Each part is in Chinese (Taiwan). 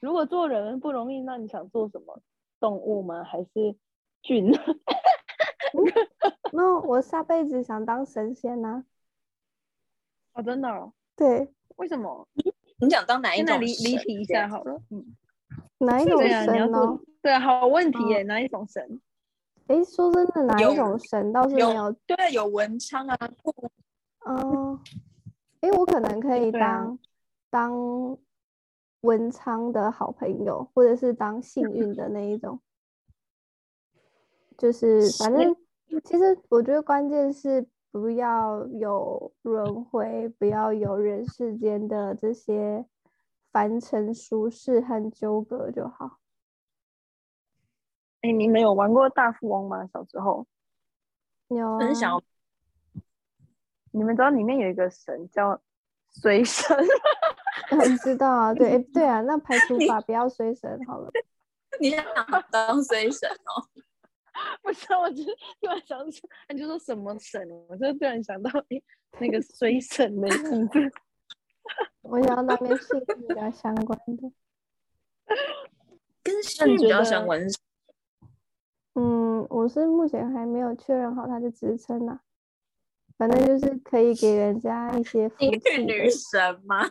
如果做人不容易，那你想做什麼？動物嗎？還是菌？ 嗯、那我下輩子想當神仙呢？啊。哦，真的，哦？對。為什麼？你想當哪一種神？先理理理一下好了，嗯。哪一種神呢？啊嗯？對，好問題耶，哦，哪一種神？誒、欸，說真的，哪一種神倒是有沒有，有？對，有文昌啊。嗯。誒、欸，我可能可以當、啊、當。文昌的好朋友，或者是當幸運的那一種，嗯、就是反正其實我覺得關鍵是不要有輪回，不要有人世間的這些凡塵俗事和糾葛就好。哎、欸，你沒有玩過大富翁嗎？小時候有很、啊、小，你們知道裡面有一個神叫隨神 嗯、知道啊，對，誒對啊，那排除法不要隨神好了。你，你想當隨神哦？ 不是，我是突然想說，你就說什麼神？我就突然想到，哎、欸，那個隨神的樣子。 我想到那邊水比較相關的。跟水比較相關。 嗯，我是目前還沒有確認好他的職稱呢。反正就是可以給人家一些福利女神嗎？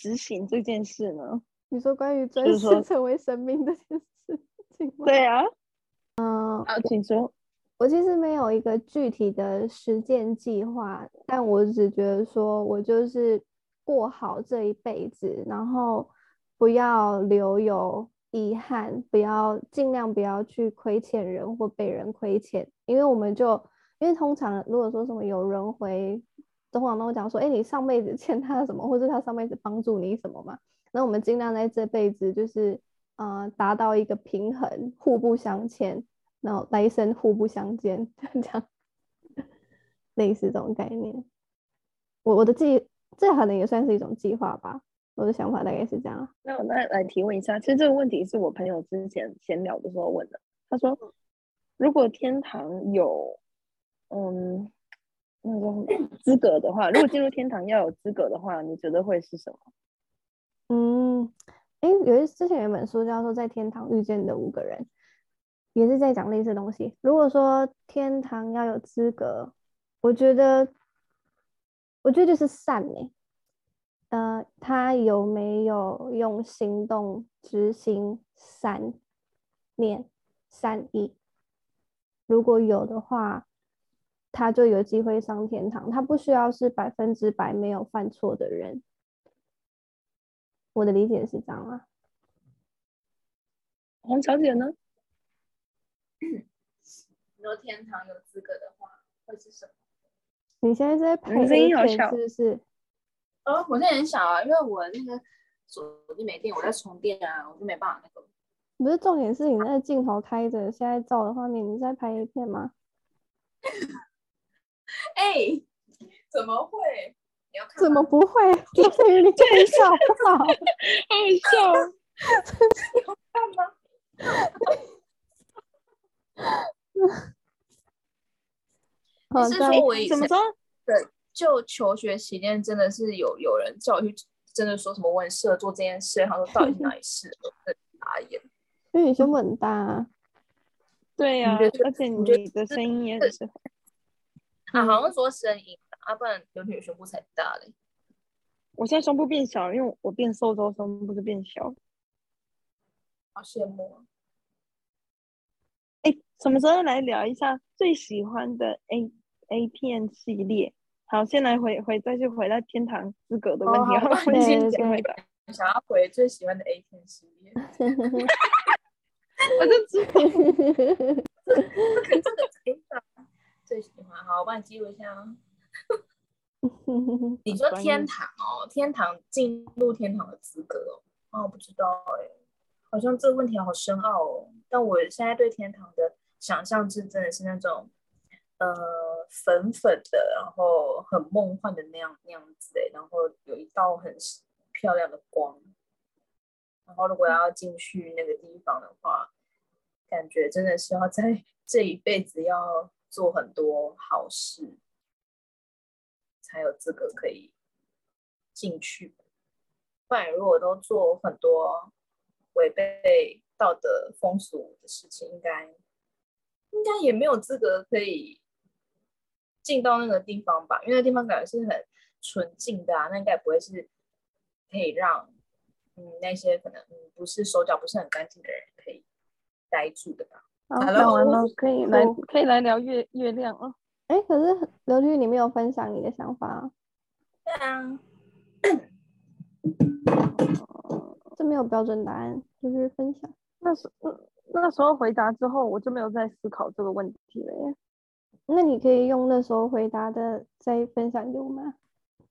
執行這件事呢？你說，關於真實成為神明的這件事情？對啊，嗯好、啊，請說我。我其實沒有一個具體的實踐計劃，但我只覺得說我就是過好這一輩子，然後不要留有遺憾，不要盡量不要去虧欠人或被人虧欠，因為我們就因為通常如果說什麼有輪迴。通常我講說，哎、欸，你上輩子欠他什麼，或者他上輩子幫助你什麼嘛？那我們盡量在這輩子就是，呃，達到一個平衡，互不相欠，然後來生互不相見，這樣， 類似這種概念。我我的計這可能也算是一種計劃吧。我的想法大概是這樣。那我再來提問一下，其實這個問題是我朋友之前閒聊的時候問的。他說，如果天堂有，嗯。那種資格的話，如果進入天堂要有資格的話，你覺得會是什麼？嗯，誒、欸，有一之前有本書叫做《在天堂遇見的五個人》，也是在講類似東西。如果說天堂要有資格，我覺得，我覺得就是善誒、欸。呃，他有沒有用行動執行善念、善意？如果有的話。他就有機會上天堂，他不需要是百分之百沒有犯錯的人。我的理解是這樣啊。王小姐呢？你說 天堂有資格的話，會是什麼？你現在是在拍？你聲音好小，okay，是，是哦，我現在很小啊，因為我那個手機沒電，我在充電啊，我就沒辦法那個。不是，重點是你那個鏡頭開着，現在照的畫面，你在拍一片嗎？ 哎、欸，怎麼會？怎麼不會？你這些人 你根本找不到，愛笑，真的有笑嗎？ 好笑，我以前怎麼說？對，就求學期間真的是有有人叫我去，真的說什麼我很適合做這件事。他說到底哪裡適合？傻眼，所以你胸很大。對呀、啊，而且你的聲音也是很。啊，好像說聲音的啊，不然有女宣布才大嘞。我現在胸部變小了，因為我變瘦之後，胸部就變小。好羨慕。哎、欸，什麼時候來聊一下最喜歡的 A A P、M、系列？好，先來回回，再去回到天堂資格的問題。好，謝謝。想要回最喜歡的 A P、M、系列。我就知道， 最喜歡好，我幫你記錄一下、哦。 你說天堂哦，天堂進入天堂的資格哦，哦不知道哎、欸，好像這個問題好深奧哦。但我現在對天堂的想象是真的是那種呃粉粉的，然後很夢幻的那樣那樣子、欸、然後有一道很漂亮的光。然後如果要進去那個地方的話，感覺真的是要在這一輩子要。做很多好事，才有資格可以進去。不然如果都做很多違背道德風俗的事情，應該應該也沒有資格可以進到那個地方吧？因為那地方感覺是很純淨的啊，那應該不會是可以讓嗯那些可能嗯不是手腳不是很乾淨的人可以待住的吧，啊？好了，完了，oh, Hello, hello，可以來可以來聊月月亮了哦。哎、欸，可是劉律你沒有分享你的想法啊？對啊，這沒有標準答案，就是分享。那時候，那時候回答之後，我就沒有再思考這個問題了呀。那你可以用那時候回答的再分享給我嗎？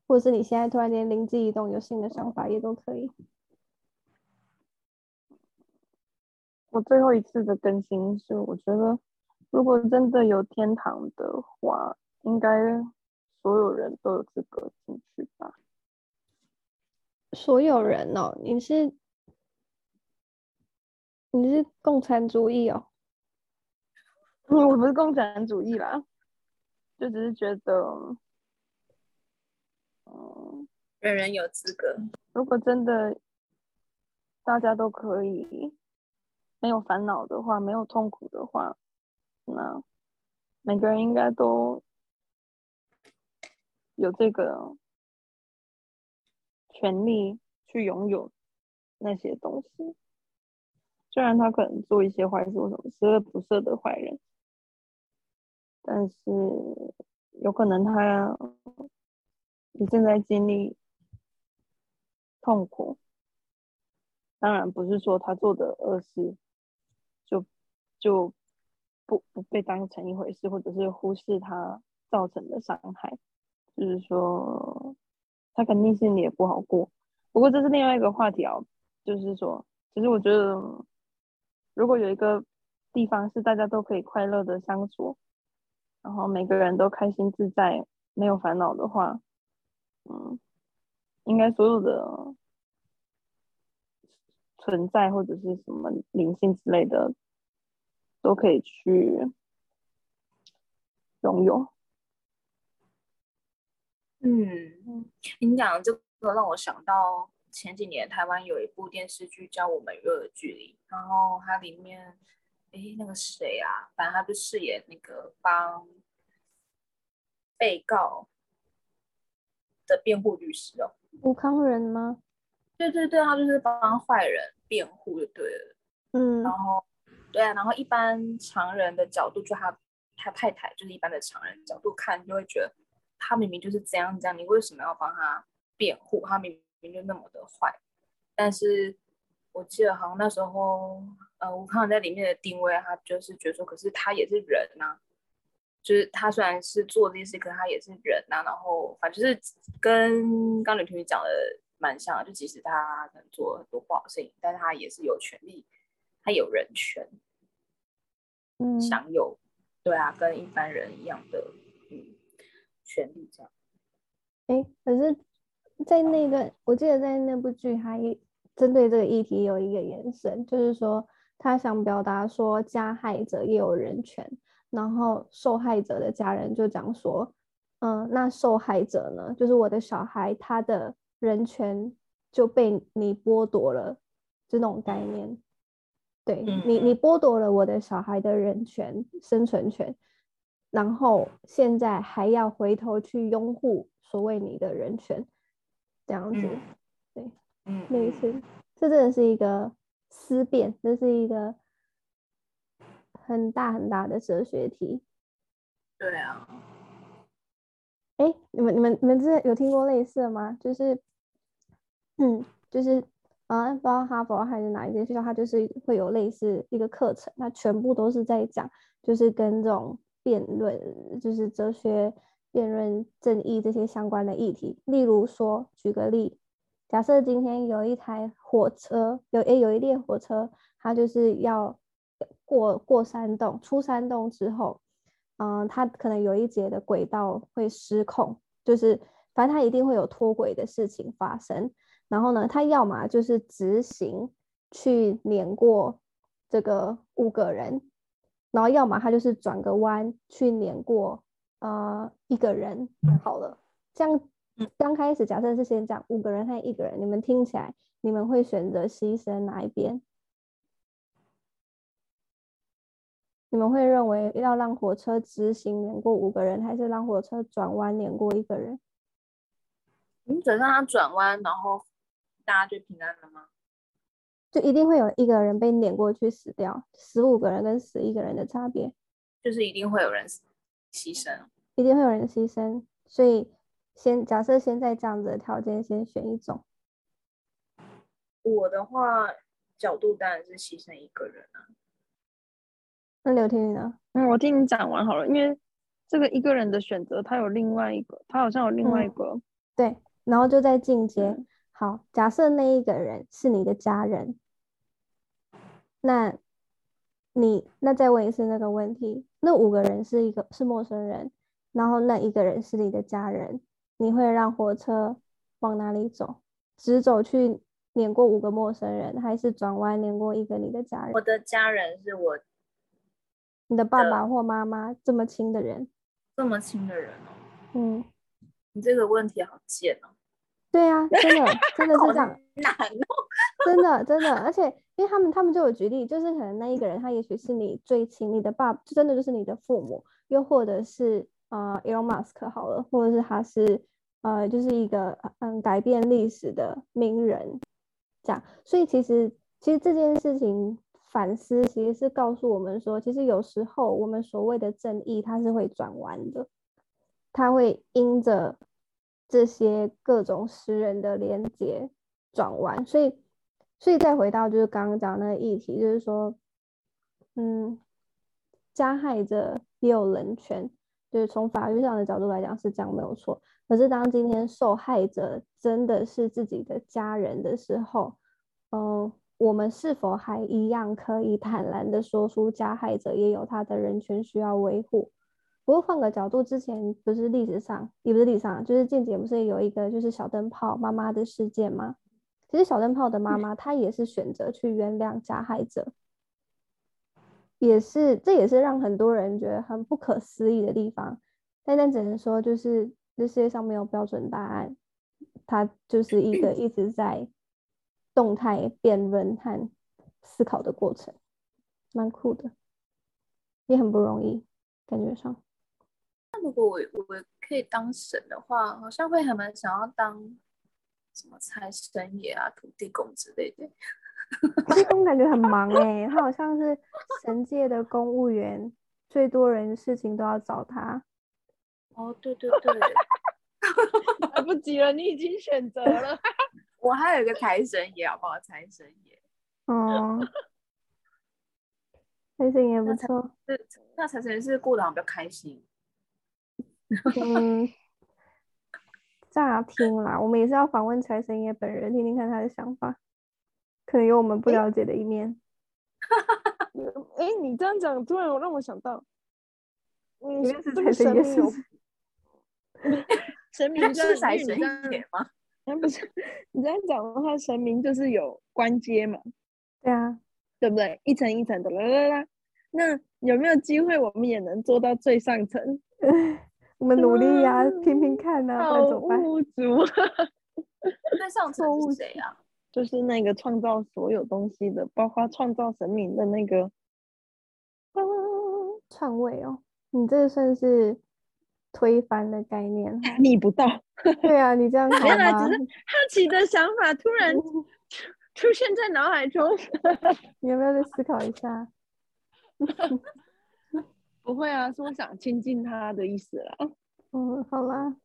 或者是你現在突然間靈機一動有新的想法，也都可以。我最後一次的更新是，我覺得如果真的有天堂的話，應該所有人都有資格進去吧？所有人哦，你是你是共產主義哦？我不是共產主義啦，就只是覺得，嗯，人人有資格。如果真的大家都可以。沒有煩惱的話，沒有痛苦的話，那每個人應該都有這個權利去擁有那些東西。雖然他可能做一些壞事，什麼十惡不赦的壞人，但是有可能他也正在經歷痛苦。當然，不是說他做的惡事。就就不不被當成一回事，或者是忽視他造成的傷害，就是說他肯定心裡也不好過。不過這是另外一個話題哦，就是說其實我覺得，如果有一個地方是大家都可以快樂的相處，然後每個人都開心自在、沒有煩惱的話，嗯，應該所有的。存在或者是什麼靈性之類的，都可以去擁有。嗯，你講這個讓我想到前幾年台灣有一部電視劇叫《我們與惡的距離》，然後它裡面，哎、欸，那個誰啊？反正他就飾演那個幫被告的辯護律師哦，吳慷仁嗎？對對對，他就是幫壞人辯護就對了，嗯，然後對啊，然後一般常人的角度，就他他太太就是一般的常人的角度看，就會覺得他明明就是這樣這樣，你為什麼要幫他辯護？他明明就那麼的壞。但是我記得好像那時候，呃，吳康在裡面的定位，他就是覺得說，可是他也是人吶、啊，就是他雖然是做這些事，可是他也是人吶、啊。然後反正是跟剛劉婷婷講的。蠻像的，就即使他能做很多不好事情，但他也是有權利，他有人權有，嗯，享有對啊，跟一般人一樣的嗯權利這樣。欸，可是，在那個我記得在那部劇，他也針對這個議題有一個延伸，就是說他想表達說加害者也有人權，然後受害者的家人就講說，嗯，那受害者呢，就是我的小孩，他的。人權就被你剝奪了，就那種概念，對、嗯、你，你剝奪了我的小孩的人權、生存權，然後現在還要回頭去擁護所謂你的人權，這樣子，嗯、對，嗯，類似，這真的是一個思辨，這是一個很大很大的哲學題。對啊，哎、欸，你們、你們、你們之前有聽過類似的嗎？就是。嗯，就是啊、嗯，不知道哈佛還是哪一間學校，它就是會有類似一個課程，它全部都是在講，就是跟這種辯論，就是哲學辯論、正義這些相關的議題。例如說，舉個例，假設今天有一台火車，有誒、欸、有一列火車，它就是要過過山洞，出山洞之後，嗯，它可能有一節的軌道會失控，就是反正它一定會有脫軌的事情發生。然後呢，他要麼就是直行去碾過這個五個人，然後要麼他就是轉個彎去碾過呃一個人。好了，這樣剛開始假設是先講五個人和一個人，你們聽起來，你們會選擇犧牲哪一邊？你們會認為要讓火車直行碾過五個人，還是讓火車轉彎碾過一個人？你准讓它轉彎，然後。大家就平安了嗎？就一定會有一個人被碾過去死掉，死五個人跟死一個人的差別，就是一定會有人犧牲，一定會有人犧牲。所以先，先假設現在這樣子的條件，先選一種。我的話，角度當然是犧牲一個人啊。那劉天宇呢？嗯，我聽你講完好了，因為這個一個人的選擇，他有另外一個，他好像有另外一個，嗯、對，然後就在進階。好，假設那一個人是你的家人，那你，你那再問一次那個問題，那五個人是一個是陌生人，然後那一個人是你的家人，你會讓火車往哪裡走？直走去碾過五個陌生人，還是轉彎碾過一個你的家人？我的家人是我，你的爸爸或媽媽這麼親的人，這麼親的人哦，嗯，你這個問題好賤哦。對啊，真的，真的是這樣， 真的，真的，而且因為他們，他們就有舉例，就是可能那一個人，他也許是你最親密的爸，真的就是你的父母，又或者是呃，Elon Musk 好了，或者是他是呃，就是一個嗯改變歷史的名人，這樣。所以其實，其實這件事情反思，其實是告訴我們說，其實有時候我們所謂的正義，它是會轉彎的，它會因着。這些各種私人的連接轉彎，所以，所以再回到就是剛剛講的那個議題，就是說，嗯，加害者也有人權，就是從法律上的角度來講是這樣沒有錯。可是當今天受害者真的是自己的家人的時候，嗯、呃，我們是否還一樣可以坦然的說出加害者也有他的人權需要維護？不過換個角度，之前不是歷史上，也不是歷史上，就是靜姐不是有一個就是小燈泡媽媽的事件嗎？其實小燈泡的媽媽她也是選擇去原諒加害者，也是，這也是讓很多人覺得很不可思議的地方。但但只能說就是這世界上沒有標準答案，它就是一個一直在動態辯論和思考的過程，蠻酷的，也很不容易，感覺上。那如果我我可以當神的話，好像會還蠻想要當什麼財神爺啊、土地公之類的。土地公感覺很忙哎、欸， 他好像是神界的公務員，最多人的事情都要找他。哦，對對對，來 不及了，你已經選擇了。 我還有一個財神爺，好不好？財神爺，哦，財 神爺不錯。那財那財神爺是過得比較開心。 嗯，乍聽啦，我們也是要訪問財神爺本人，聽聽看他的想法，可能有我們不了解的一面。哈哈哈！哎、 欸，你這樣講，突然讓我想到，你是財神爺嗎？神明是財神爺嗎？那不是，你這樣講的話，神明就是有官階嘛？對啊，對不對？一層一層的啦啦啦！那有沒有機會，我們也能做到最上層？ 我們努力呀、啊，嗯、拼拼看吶、啊，好怎麼辦？那上錯是誰啊？就是那個創造所有東西的，包括創造神明的那個。嗯、啊，篡位哦，你這個算是推翻的概念。逆不道。 對啊，你這樣子原來只是好奇的想法，突然出現在腦海中。 你要不要再思考一下？ 不會啊，是我想親近他的意思了。嗯，好啦，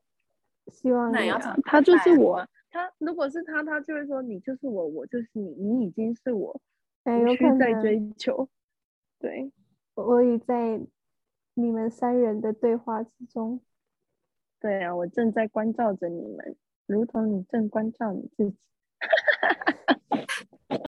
希望你你他就是我。他如果是他，他就會說，你就是我，我就是你，你已經是我，可、欸、無需再追求。可對，我也在你們三人的對話之中。對啊，我正在關照着你們，如同你正關照你自己。